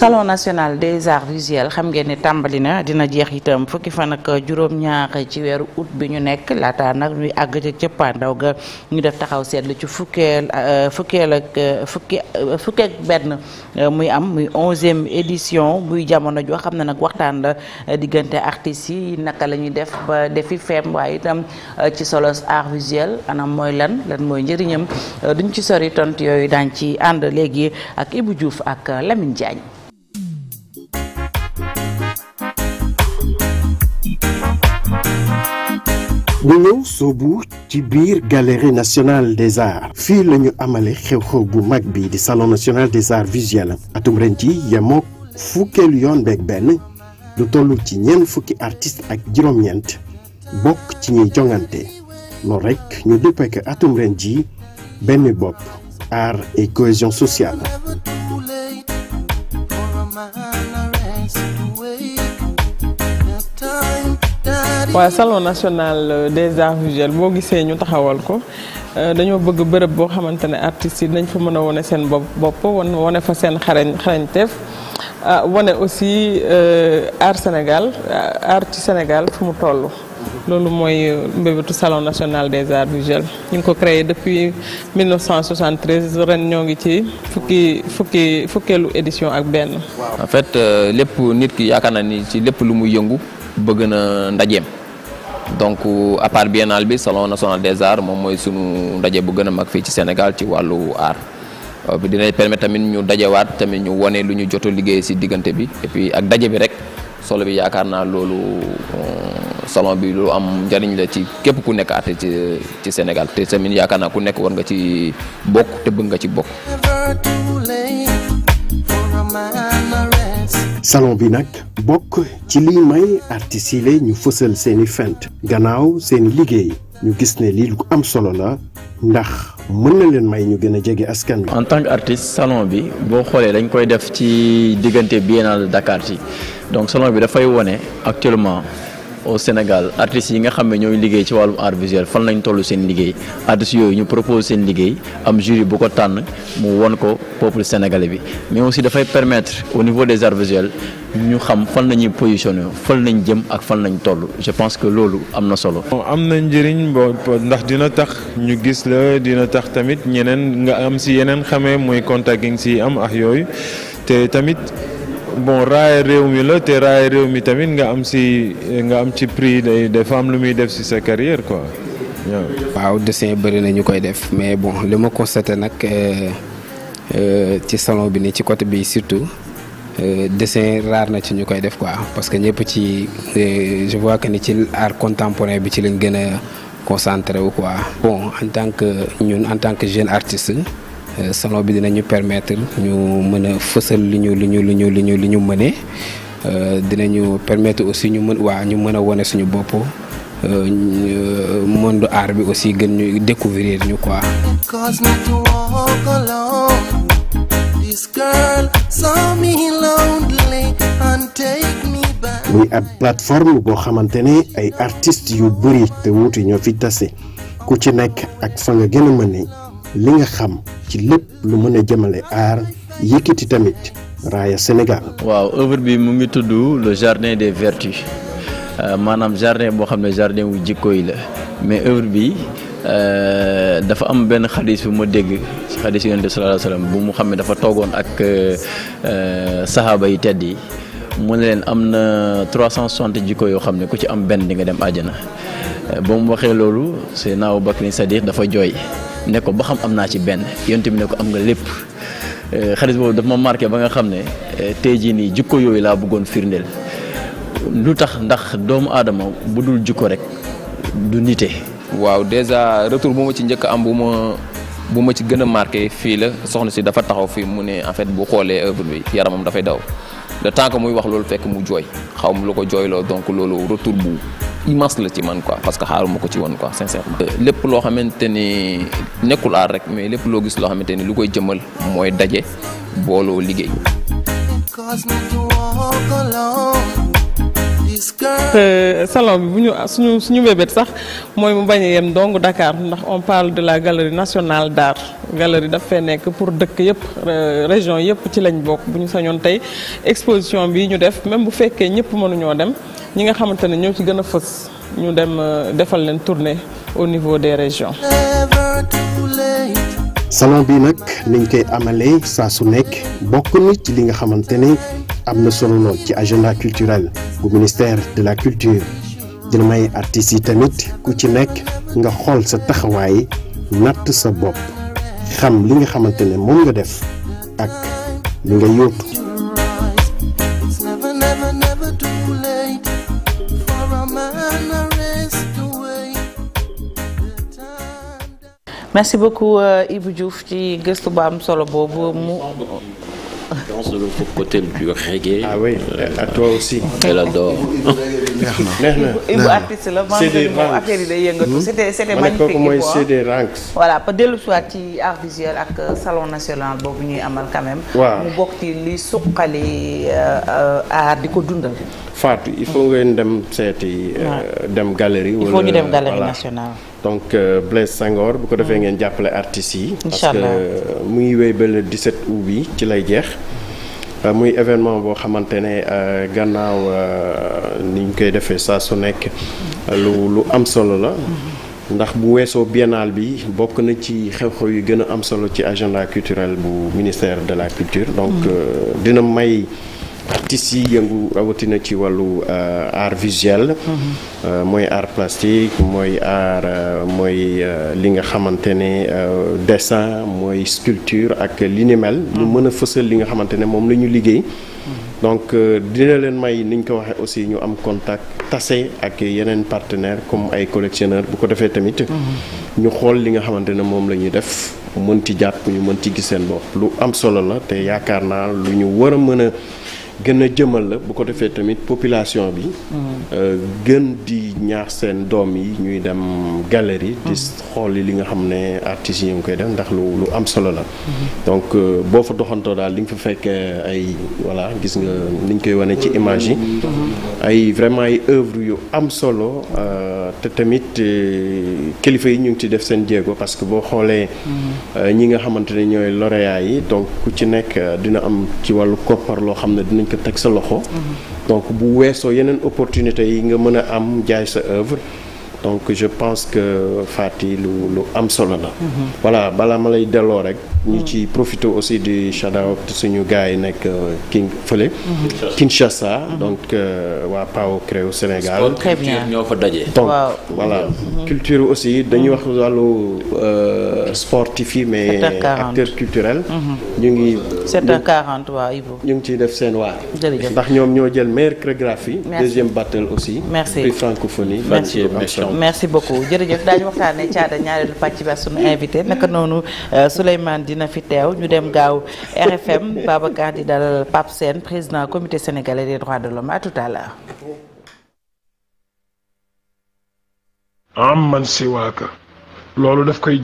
salon national des arts visuels xam ngeen ne tàmbali na dina jeex itam fukki fan ak juróom-ñaar ci weeru août bi ñu nekk laata nag ñuy àgg ca cëppaandaw ga ñu def taxaw seetlu ci fukkeel euh, fukkeel ak euh, fukki euh, fukki ak benn muy am muy onzième édition muy jamono joo xam ne nag waxtaan la diggante artistes yi naka lañuy def ba defi feem waaye itam ci solos arts visuels anam mooy lan lan mooy njëriñam duñ ci sori tontu yooyu daañ ci ànd léegi ak Ibou Diouf ak Lamine Diagne ñu ñëw soobu ci biir galerie nationale des arts fii lañu ñu amale xew-xew bu mag bi di salon national des arts visuels atum ren ci yemook fukkeelu yoon beeg benn lu toll ci ñeent fukki artiste ak juróom bokk ci ñuy jongante loolu rekk ñu duppee que atum ren ji benn bopp art et cohésion sociale waa salon national des arts visuels boo gisee ñu taxawal ko euh, dañoo bëgg bërëb boo xamante ne artistes yi dañ fa mën a wane seen bopp bopp wane fa seen xarañ xarañteef ah, wane aussi euh, art Sénégal euh, art ci Sénégal fu mu toll. loolu mooy mbébétu salon national des arts visuels ñu ngi ko créé depuis 1973 ren ñoo ngi ci fukki fukki fukkeelu édition ak benn. en fait lépp nit ki yaakaar na ni ci lépp lu muy yëngu. bëgg na ndajeem donc à part biennale bi salon national des arts moom mooy sunu ndaje bu gën a mag fii ci Sénégal ci wàllu art euh, dinañ permet tamit ñu dajewaat tamit ñu wane lu ñu jot a liggéey si diggante bi et ak daje bi rek solo bi yaakaar naa loolu euh, salon bi loolu am njariñ la ci képp ku nekk artiste ci ci Sénégal te tamit yaakaar naa ku nekk war ci bokk te bëgg nga ci bokk. salon bi nag bokk ci liy may artistes yi la ñu fësal seeni fent gannaaw seeni liggéey ñu gis ne lii lu am solo la ndax mën na leen may ñu gën a jege askan bi en tant que artiste salon bi boo xoolee dañ koy def ci diggante biennale Dakar ci donc salon bi dafay wone actuellement. au Sénégal artistes yi nga xam ne ñooy liggéey ci wàllum art visuel fan lañ toll seen liggéey artistes yooyu ñu propose seen liggéey am jury bu ko tànn mu won ko peuple sénégalais bi mais aussi dafay permettre au niveau des arts visuels ñu xam fan la ñuy positionné fan lañ jëm ak fan lañ toll je pense que loolu am na solo. am na njëriñ ndax dina tax ñu gis la dina tax tamit ñeneen nga am si yeneen xamee mooy contact gi nga si am ak yooyu te tamit. bon raaya réew mi la te raaya réew mi tamit nga am si nga am ci prix day dafa am lu muy def si sa carrière quoi. waaw dessin bëri na ñu koy def mais bon li ma constaté nag euh, euh, ci salon bi nii ci côté bi surtout euh, dessin rare na ci ñu koy def quoi parce que ñëpp ci je vois que ni ci art contemporain bi ci lañ gën a concentré wu quoi. bon en tant que ñun en tant que jeune artiste. Euh, salon bi dina ñu permettre ñu mën a fësal li ñu li ñu li ñu li ñu li ñu euh, dina ñu permettre aussi ñu mën waa ñu mën a wone suñu bopp euh, monde art bi aussi gën ñu découvrir ñu quoi. muy ab plateforme boo xamante ne ay artistes yu bëri te wuute ñoo fi tase ku ci nekk ak fa nga gën a li nga xam. ci lépp lu mën a jëmale aar yëkkati tamit raaya Sénégal. waaw œuvre bi mu ngi tudd le jardin des vertus euh, maanaam jardin boo xam ne jardin wu jikko yi la mais œuvre bi euh, dafa am benn xadis bu ma dégg ci xadis yonent bi sallallahu bu mu xam ne dafa toogoon ak euh, saxaaba yi tedd yi mu ne leen am na 360 jikko yoo xam ne ku ci am benn di nga dem àjjana ba mu waxee loolu Seydina Abu Bakr Sadiq dafa jooy. ne ko ba xam am naa ci benn yonent bi ne ko am nga lépp euh, xarit boobu daf ma marqué ba nga xam ne euh, tey jii nii jukko yooyu laa bëggoon firndeel lu tax ndax doomu aadama bu dul jukko rek du nite. waaw déjà retour bu ma ci njëkk am bu ma bu ma ci gën a marqué fii la soxna si dafa taxaw fii mu ne en fait bu xoolee œuvre bi yaramam dafay daw le temps que muy wax loolu fekk mu jooy xaw ma lu ko jooyloo donc loolu retour bu. immense la ci man quoi parce que xaaruma ko ci woon quoi sincèrement. Euh, lépp loo xamante ni nekkul rek mais lépp loo gis loo xamante ne lu koy jëmal mooy daje booloo liggéey. Euh, salon bi bu ñu suñu suñu bébét sax mooy mu bañ a yem dong Dakar ndax on parle de la galerie nationale d'art galerie daf fee nekk pour dëkk yëpp région yëpp ci lañ bokk bu ñu sañoon tey exposition bi ñu def même bu fekkee ñëpp mënuñoo dem ñi nga xamante ne ñoo ci gën a fës ñu dem euh, defal leen tournée au niveau des régions salon bi nag niñ koy amalee saa su nekk bokk na ci li nga xamante ne am na solo ci agenda culturel bu ministère de la culture dina may artistes yi tamit ku ci nekk nga xool sa taxawaay natt sa bopp xam li nga xamante ne moom nga def ak li nga yóotu merci beaucoup euh, Ibou Diouf ci gëstu bu am solo boobu mu. danse de l'autre côté du reggae. ah oui euh, à toi aussi. elle adore. neex na Ibou la man affaire yi day yëngatu. Hmm? c'était c'était magnifique mooy CD Ranks. ci art visuel ak euh, salon national boobu ñuy amal quand même. waaw mu bokk li suqali art di ko dundal. Fatou il faut ngeen dem seeti. Euh, dem galerie. wala il faut ñu donc euh, Blaise Senghor bu ko defee mm. ngeen jàppale artistes yi. parce que euh, mu ngi wéy ba le 17 août bi ci lay jeex. muy événement boo xamante ne gannaaw ni ñu koy defee saa su nekk lu lu am solo la. ndax bu weesoo biennale bi bokk na ci xew-xew yu gën a am solo ci agenda culturel bu ministère de la culture. donc mm. dina may. artistes yëngu rawatina ci wàllu euh, art visuel. Mm-hmm. Euh, mooy art plastique mooy art euh, mooy li nga xamante ne dessin mooy sculpture ak li ni mel. Mm-hmm. mën a fësal li nga xamante ne moom la ñu liggéey. Mm-hmm. donc dina leen may ni ko waxee aussi ñu am contact tase ak yeneen partenaires comme ay collectionneurs bu ko defee tamit. ñu xool li nga xamante ne moom la ñuy def mën ci jàpp ñu mën ci gis seen bopp lu am solo la te yaakaar naa lu ñu war a mën a. gën a jëmal la bu ko defee tamit population bi. Mm. Euh, gën di ñaax seen doom yi ñuy dem galerie. di mm. xool li nga xam ne artistes koy def ndax lu lu am solo la. Mm-hmm. donc euh, boo fa doxantoo daal li nga fa fekkee ay voilà gis nga ni koy wane ci image yi. Mm-hmm. ay vraiment ay œuvre yu am solo euh, te tamit kilifa yi ñu ngi ci def seen jéego parce que boo xoolee. Mm-hmm. ñi nga xamante ne ñooy lauréat yi donc ku ci nekk dina am ci wàllu koppar loo xam ne dinañ. ko teg sa loxo. donc bu weesoo yeneen opportunité yi nga mën a am jaay sa œuvre donc je pense que yi lu lu am solo la. Mm-hmm. voilà balaa ma lay delloo rek. ñu ci profité aussi di shout out suñu gars yi nekk euh, King fële. Kinshasa mhm. donc euh, waa PAO CREO Sénégal. très bien ñoo fa daje. donc voilà mhm. culture aussi dañuy wax wàllu euh, sportif yi mais. acteur culturel. Mhm. ñu ngi. 7h40 waaw Ibo. ñu ngi ciy def seen waar. ndax ñoom ñoo jël meilleure chorégraphie. deuxième battle aussi. merci prix francophonie. merci merci beaucoup jërëjëf daañu caada ñaareelu pàcc bi ak sunu invité naka noonu Souleymane dina fi teew ñu dem gaaw RFM Babacar di dalal Pape Sène président commité sénégalais des droits de l'homme à tout à am man si waaka loolu daf koy